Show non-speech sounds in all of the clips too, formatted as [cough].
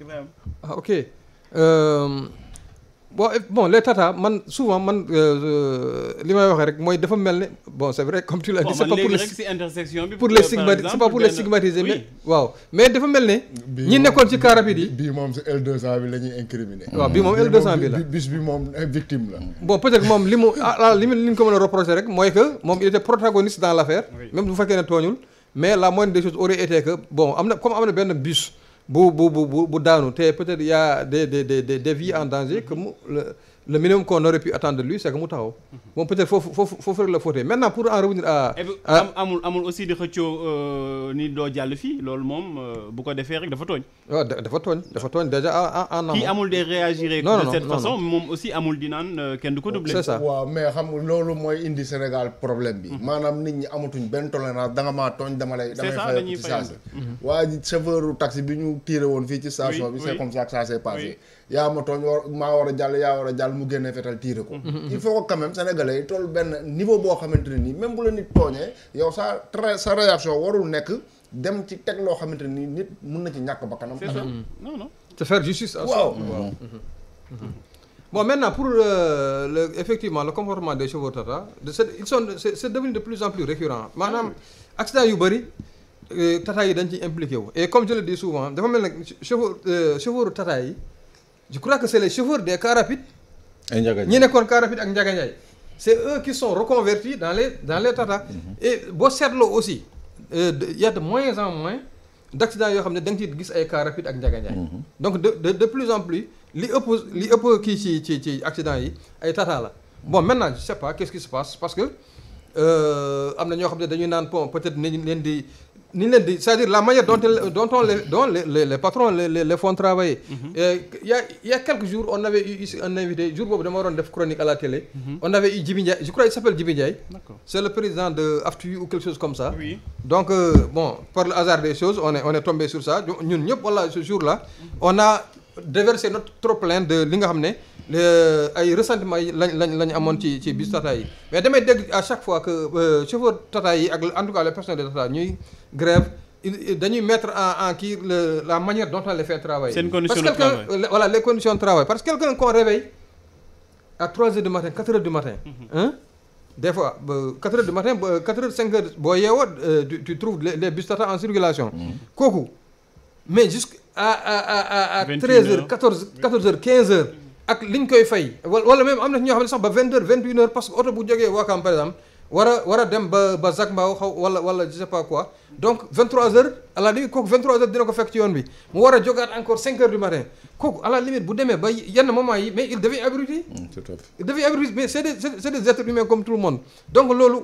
Ibrahima ah ok euh, bon eh, bon tata man souvent man euh, euh, li may waxee rek mooy dafa mel ne bon si intersection bi pour les dafa mel ne ñi nekkoon ci car rapide yi bii moom c'est L200 bi la ñuy incriminé waaw bii moom L200 bi la bis bi moom victime la bon peut moom li mu ah, ah li mu ko mën a reprocher rek mooy que moom il était protagoniste dans l'affaire même bu fekkee ne tooñul mais la moindre des choses aurait été que bon am na comme am na benn bus bu bu bu bu daanu te peut-être y a des des des des en danger que mu le minimum qu'on aurait pu attendre de lui c'est mu taxaw. moom peut-être foofu foofu foofu rek la faute maintenant pour en revenir à. amul amul di xëccoo euh, ni doo jàll fii loolu moom euh, bu ko defee rek dafa tooñ. waaw dafa tooñ dafa tooñ déjà en en kii amul de réagir de cette façon moom aussi amul di naan euh, kenn du ko doublé. c'est ça waaw mais xam loolu mooy indi Sénégal problème bi. maanaam nit ñi amatuñ benn to danga maa tooñ dama lay. dama lay mu tiire woon fii ci station bi c'est comme ça que ça s'est passé yaa ma tooñ war maa war a jàll yaa war a jàll mu génnee fetal tiire ko mhm. il faut que quand même yi toll benn niveau boo xamante ne nii même bu la nit tooñee yow sa très sa réaction warul nekk dem ci teg loo xamante nii nit mun na ci ñàkk ba kanam c'est ça mhm. non justice waaw waaw mhm. pour euh, le, effectivement le comportement des chevaux tata de, c'est devenu de plus en plus récurrent maanaam ah accident yu bari Euh, tata yi dañ ciy impliqué wu et comme je le dis souvent dafa mel ne chauffeur euh, chauffeur tata yi je crois que c' est les chauffeurs des cars rapides. ay njagañaay ñi nekkoon cars rapides ak njagañaay c' est eux qui sont reconvertis dans les dans les tata. Mm-hmm. et boo seetloo aussi il euh, y a de moins en moins d' accidents yoo xam ne da nga ciy gis ay cars rapides ak njagañaay. Mm-hmm. donc de de de plus en plus li ëpp li ëpp kii ci ci ci accident yi ay tata la bon maintenant je sais pas qu' est ce qui se passe parce que am na ñoo xam ne dañuy naan pont peut être nañ leen di. ni leen di cest dire la manière dont elle, dont on les dont les travailler. Mm-hmm. Euh, il y jour il y a quelques u on avait eu un invité jour boobu dama waroon def chronique à la télé. Mm-hmm. on avait eu Djibi Ndiaye je crois il s'appelle Djibi Ndiaye. c'est le président de Aftu ou quelque chose comme ça. donc euh, bon par le hasard des choses on est tombé sur ça ñun ñëpp voilà ce jour là mm-hmm. on a déversé notre trop-plein de li nga xam ne. ay ressentiment yi lañ amoon ci ci bus Tata yi mais damay dégg à chaque fois que euh, chauffeur yi ak en tout cas les de Tata ñuy grève dañuy mettre en en kii la manière dont on les fait travailler. seen condition de travail parce que voilà les conditions de travail parce que quelqu'un qu'on réveille à 3 heures du matin 4 heures du matin. Mm-hmm. Hein? des heures du matin ba heures 5 heures boo yeewoo euh, tu tu trouves les les en circulation. Mm-hmm. kooku mais ak liñ koy fay wala même am na ñoo xam ne sax ba vingt heures vingt une heures parce que oto bu jógee Wakam par exemple war a a dem ba ba Zac Mbao xaw wala wala pas quoi donc vingt trois heures à la limite kooku vingt trois heures dina ko fekk ci yoon bi mu war a jógaat encore cinq heures du matin kooku à la limite bu demee ba yenn moment yi mais il devient abruti mm, il devient abruti mais c'est des c'est des êtres humains comme tout le monde donc loolu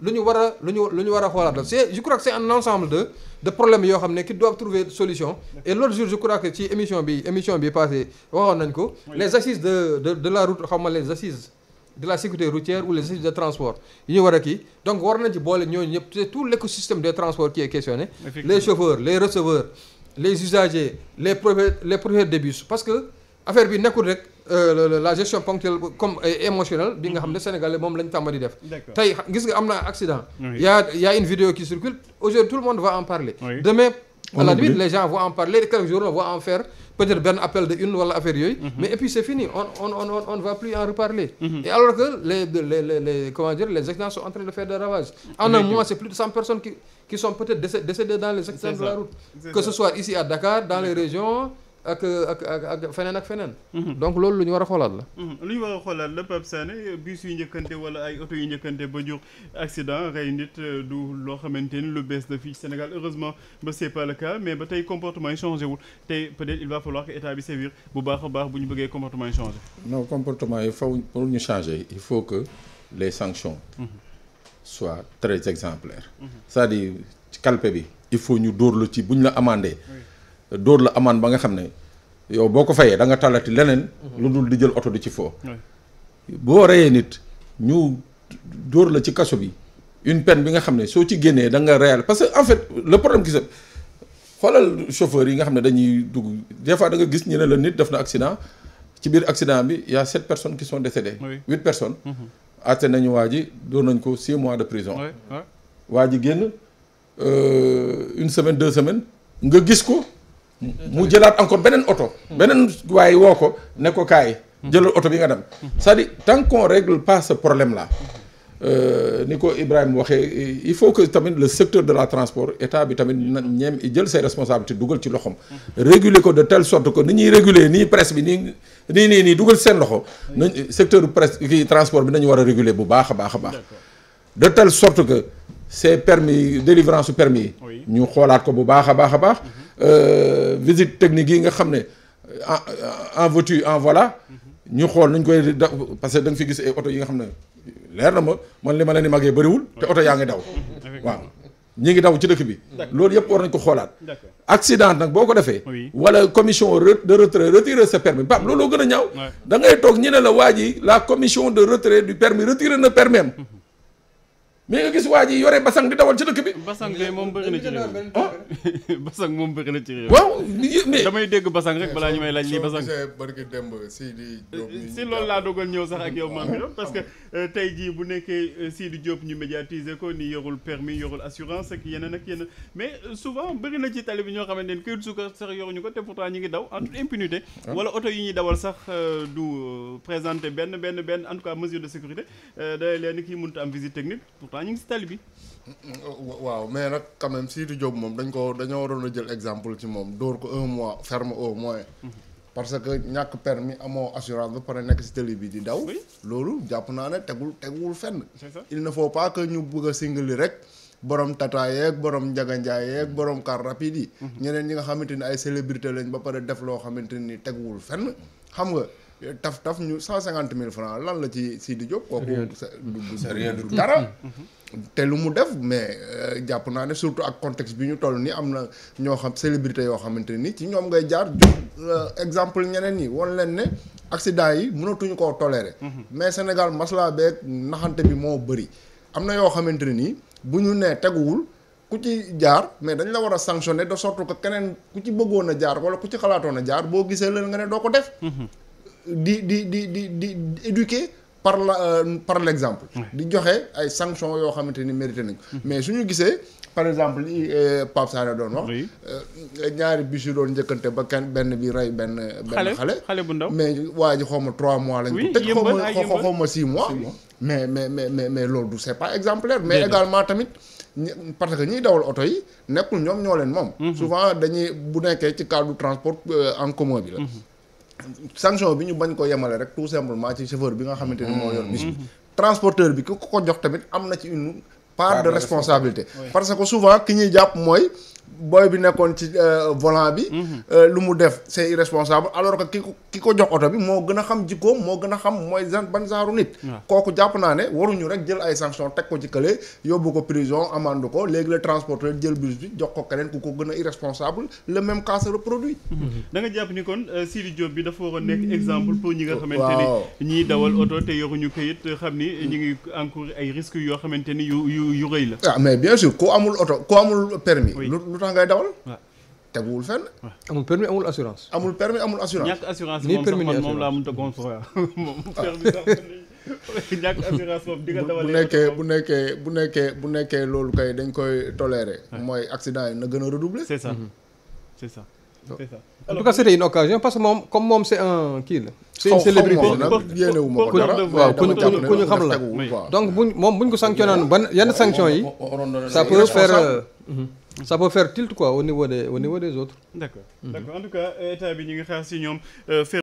lu ñu war a lu ñu lu ñu war a xoolaat la c'est je crois c'est un ensemble de de yoo xam ne qui doivent trouver solution et l'autre jour je crois ci émission bi émission bi passé waxoon nañ ko les assises de de de la route xam nga les assises de la sécurité routière ou les services de transport yi ñu war a kii donc war nañ ci boole ñooñu ñëpp c'est tout l'écosystème des transports qui est questionné les chauffeurs les receveurs les usagers les propriétaires les propriétaires de bus parce que affaire bi nekkul rek Euh, la gestion ponctuelle comme euh, émotionnelle bi nga xam ne mhm. sénégalais moom lañ def tey gis na accident y une vidéo qui circule aujourd'hui tout le monde va en parler demain les gens vont en parler quelques jours on en faire peut-être benn appel de une wala affaire yooyu mhm. mais et puis c'est fini on va plus en reparler mhm. et alors que les accidents sont en train de faire des en un mois c'est plus de cent personnes qui sont peut-être décédées ak ak ak ak feneen ak feneen. Mhm. donc loolu lu ñu war a xoolaat la. Mhm. lu ñu war a xoolaat la Pape Sané bus yu njëkkante wala ay oto yu njëkkante ba jur accident rey nit euh, du loo xamante ni lu bees la fii Sénégal heureusement ba c'est pas le cas mais ba tey comportement yi changé wul tey peut-être il va falloir que état bi sévir bu baax a baax bu ñu bëggee comportement yi changé. non comportement yi faw pour ñu changer il faut que les sanctions. Mhm. soient très exemplaires. c'est-à-dire calpe bi il faut ñu dóor la ci bu la amandé. dóor la ba nga xam ne. yow boo ko fayee da nga talati leneen. Mhm. lu dul di jël oto di ci foo. boo reyee nit ñu dóor la ci kaso bi une peine bi nga xam ne soo ci génnee da nga réel parce que en fait le problème qui se xoolal chauffeur yi nga xam ne dañuy dugg des fois da nga gis ñu ne la nit def na accident ci biir accident bi y' a sept personnes qui sont décédées. huit oui. personnes. àtte mhm. nañu waa ji dóor nañ ko six mois de prison. waa ji génn euh, une semaine deux semaines nga gis ko. mu jëlaat encore beneen oto. beneen waaye woo ko ne ko kaay. jëlal oto bi nga dem. c'est-à-dire tant qu'on règle pas ce problème là. Euh, ni ko Ibrahima waxee il faut que tamit le secteur de la transport état bi tamit na ñeem jël ses responsabilités dugal ci loxoom. réguler ko de telle sorte que ni ñuy réguler nii presse bi nii nii nii dugal seen loxo. nañ secteur presse kii transport bi nañu war a réguler bu baax a baax a baax. de tal sorte que ces permis délivrance su permis yi. ñu xoolaat ko bu baax a baax a baax. Mhm. Euh, visite technique yi nga xam ne en voiture en voilà ñu xool nuñ koy da parce que da nga fi gis ay oto yi nga xam ne leer na ma man li ma leen di màggee bëriwul te oto yaa ngi daw waaw ñi ngi daw ci dëkk bi loolu yëpp war nañ ko xoolaat accident nag boo ko defee wala commission de retrait retirer sa permis baam looloo gën a ñaaw da toog ñi ne la waa ji la commission de retrait du permis retirer na permis mais nga gis waa ji yore basang di dawal ci dëkk bi. basang kay moom bëri na ci réew mi ah. [laughs] moom bëri na waaw damay dégg basang rek balaa ñu may laaj lii basang. si loolu laa dogal ñëw sax ak yow maam ah. parce que euh, tey jii bu nekkee euh, Sidi Diop ñu médiatiser ko ni yorul permis yorul assurance ak yeneen ak yeneen mais euh, souvent bëri na ci tali bi ñoo xamante ne këyit suukar sax yoruñu ko te pourtant ñu ngi daw en toute impunité. Ah. wala oto yi ñuy dawal sax du présenter benn benn benn en tout cas mesure de sécurité day leen kii mënut am visite pourtant ñu ngi si tali bi. waaw mais rek quand même Sidi Diop moom dañ ko dañoo waroon a jël exemple ci moom dóor ko un mois ferme au moins. Mm-hmm. parce que ñàkk permis amoo assurance ba pare nekk si tali bi di daw. loolu jàpp naa ne tegul teguwul fenn. il ne foo pas que ñu bëgg a singli rek. borom tata yeeg borom njaganjaay yeeg borom car rapide yi. Mm-hmm. ñeneen ñi nga xamante ni ay célébrité lañ ba pare def loo xamante ni teguwul fenn xam nga. Eh, taf taf ñu cent cinquante mille francs lan la ci Sidi Diop kooku du dara mm-hmm. te lu mu def mais euh, jàpp naa ne surtout ak contexte bi ñu toll nii am na ñoo xam célébrité yoo xamante ni ci ñoom ngay jaar jox euh, exemple ñeneen yi woon leen ne accident yi mënatuñu koo tolérer mm-hmm. mais Sénégal masla beeg naxante bi moo bëri am na yoo xamante ne nii bu ñu nee teguwul ku ci jaar mais dañ la war a sanctionner de sorte que keneen ku ci bëggoon a jaar wala ku ci xalaatoon a jaar boo gisee leen nga doo ko def mm-hmm. di di di di di éduquer par la euh, par l'exemple di joxe ay sanctions yoo xamante ni mérité nañ mm-hmm. mais su ñu gisee par exemple li euh, Pape Sané doon wax euh, ñaari bis yu doon njëkkante ba kenn benn bi rey benn benn xale xale bu ndaw mais waa ji xaw ma trois mois lañ ko tëj xaw ma six mois mais mais mais mais mais loolu du c'est pas exemplaire mais également tamit parce que ñiy dawal oto yi nekkul ñoom ñoo leen moom mm-hmm. souvent dañuy bu nekkee ci cadre transport en commun bi la mm-hmm. sanction bi ñu bañ ko yemalee rek tout simplement ci chauffeur bi nga xamante ni moo yor mm. bis bi mm-hmm. transporteur bi ku ko jox tamit am na ci une part de responsabilité parce que souvent ki ñuy jàpp mooy booy bi nekkoon ci euh, volant bi. Mhm. Euh, lu mu def c'est irresponsable alors que ki ko ki ko jox oto bi moo gën a xam jikkoom moo gën a xam mooy ban genre nit. kooku jàpp naa ne waruñu rek jël ay sanctions teg ko ci kële yóbbu ko prison amande ko léegi la transporteur jël bus bi jox ko keneen ku ko gën a irresponsable le même cas se reproduit. Mhm. da nga jàpp ni kon euh, Sidi Diop bi dafa waroon nekk exemple pour ñi nga. xamante ni ñiy dawal oto te yoruñu kayit xam ni ñu ngi encourir ay risques yoo xamante ni yu yu yu rëy la. ah mais bien sûr amul oto ku amul permis. lu tax ngay dawal. teguwul fenn. amul permis amul assurance. amul permis amul assurance. ñàkk assurance moom sax man moom laa mënut a construire di bu nekkee bu nekkee bu nekkee bu nekkee loolu kay dañ koy tolérer. mooy accident yi na gën a redoubler. c'est ça c'est ça. c'est ça en tout cas c'était une occasion parce que moom comme moom c'est un kii la. c'est une célébrité yéenewuma ko dara waaw ku ñu ku ñu xam la donc buñ moom buñ ko sanctionné ban yan sanction yi. ça peut faire. sa peut faire tilt quoi au niveau des au niveau des autres. d'accord mhm. en tout cas euh, état bi ñu ngi xaar si ñoom. Euh,